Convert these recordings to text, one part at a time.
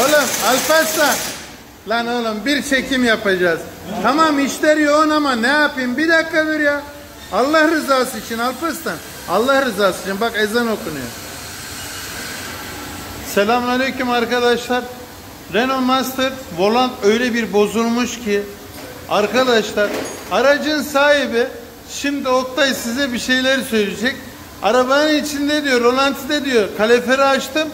Oğlum Alparslan. Lan oğlum bir çekim yapacağız. Tamam işler yoğun ama ne yapayım? Bir dakika ver ya. Allah rızası için Alparslan. Allah rızası için. Bak ezan okunuyor. Selamünaleyküm arkadaşlar. Renault Master volant öyle bir bozulmuş ki arkadaşlar aracın sahibi şimdi Oktay size bir şeyler söyleyecek. Arabanın içinde diyor, rolantide diyor. Kaleferi açtım.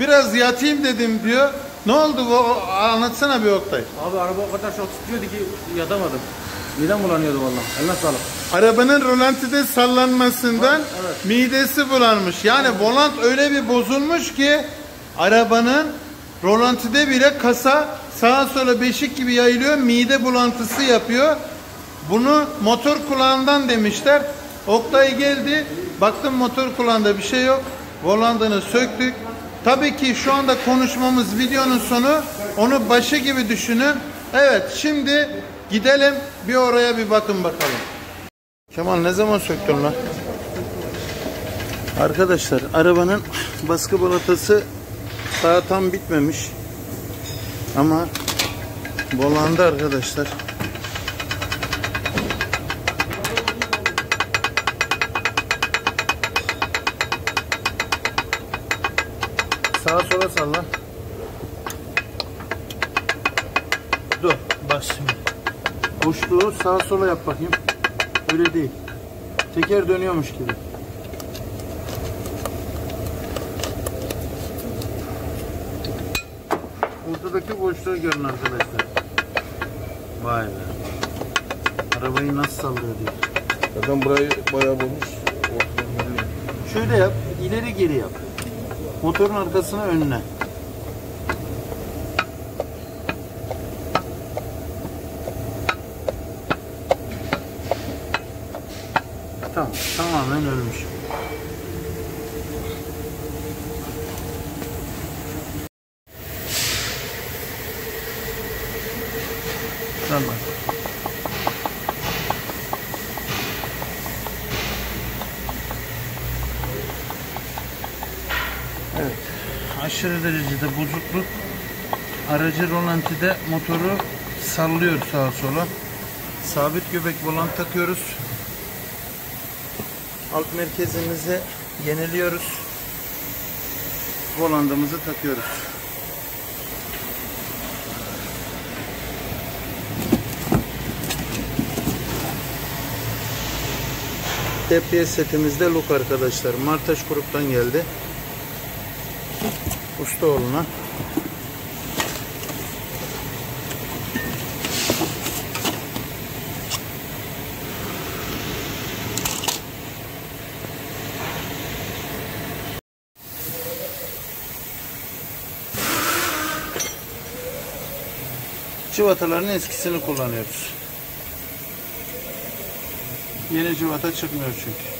Biraz yatayım dedim diyor. Ne oldu bu? Anlatsana bir Oktay. Abi araba o kadar çok tutuyordu ki yatamadım. Midem bulanıyordu valla. Eline sağlık. Arabanın rölantide sallanmasından evet. midesi bulanmış. Yani evet. volant öyle bir bozulmuş ki arabanın rölantide bile kasa sağa sola beşik gibi yayılıyor. Mide bulantısı yapıyor. Bunu motor kulağından demişler. Oktay geldi. Baktım motor kulağında bir şey yok. Volantını söktük. Tabii ki şu anda konuşmamız videonun sonu. Onu başı gibi düşünün. Evet şimdi gidelim bir oraya bir bakın bakalım. Kemal ne zaman söktün lan? Arkadaşlar arabanın baskı bolatası daha tam bitmemiş. Ama bolandı arkadaşlar. Sağa sola salla. Dur bak şimdi. Boşluğu sağa sola yap bakayım. Öyle değil. Teker dönüyormuş gibi. Ortadaki boşluğu görün arkadaşlar. Vay be. Arabayı nasıl sallıyor diye. Adam burayı bayağı bulmuş. Şöyle yap. İleri geri yap. Motorun arkasına önüne. Tamam, tamamen ölmüş. Tamam. aşırı derecede bozukluk. Aracı rolantide motoru sallıyor sağa sola. Sabit göbek volant takıyoruz. Alt merkezimizi yeniliyoruz. Volandımızı takıyoruz. DPS setimizde Luk arkadaşlar. Martaş gruptan geldi. Ustaoğlu'na Civataların eskisini kullanıyoruz. Yeni civata çıkmıyor çünkü.